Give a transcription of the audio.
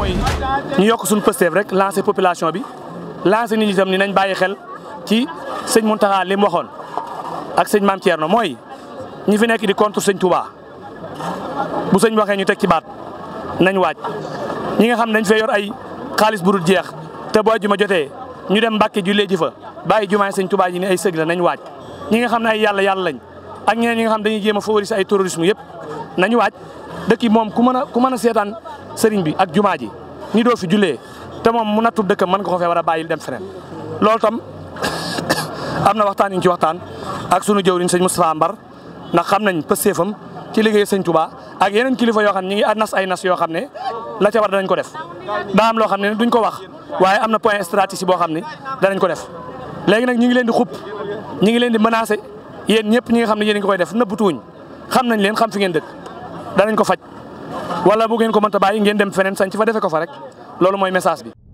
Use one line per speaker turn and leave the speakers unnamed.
mooy ñu yokk suñ pësteef rek lancer population bi lancer nit ñi itam ni nañ bàyyi xel ci sëñ Mountakha li mu waxoon ak sëñ Mame Thierno mooy ñi fi nekk di contre sëñ Touba bu sëñ waxee ñu teg ci baat nañ waaj ñi nga xam dañ fee yor ay xaalis bu dul jeex te boo juma jotee ñu dem Mbàkke jullee ji fa bàyyi jumaay sëñ Touba yi ni ay sëg la nañ waaj ñi nga xam ne ay yàlla yàlla lañ ak ñeneen ñi nga xam dañuy jéem a favoriser ay terrorisme yëpp nañu waaj dëkk yi moom ku mën a ku mën a seetaan sëriñ bi ak jumaa ji ni doo fi jullee te moom mu nattub dëkkam mën nga ko fee war a bàyyil dem feneen loolu tam am na waxtaan yuñ ci waxtaan ak sunu jëwriñ sëñ Moustapha Mbar ndax xam nañ pësteefam ci liggéey sëñ Touba ak yeneen kilifa yoo xam ne ñu ngi nas ay nas yoo xam ne la ca war danañ ko def daa loo xam ne duñ ko wax waaye am na point stratégique boo xam ne danañ ko def léegi nag ñu ngi leen di xupp ñu ngi leen di menacé yéen ñëpp ñi nga xam ne yéen ngi koy def nëbbutuwuñ xam nañ leen xam fi ngeen dëkk danañ ko faj wala bu ngeen ko mënta bàyyi ngeen dem feneen sañ ci fa defe ko fa rek loolu mooy message bi.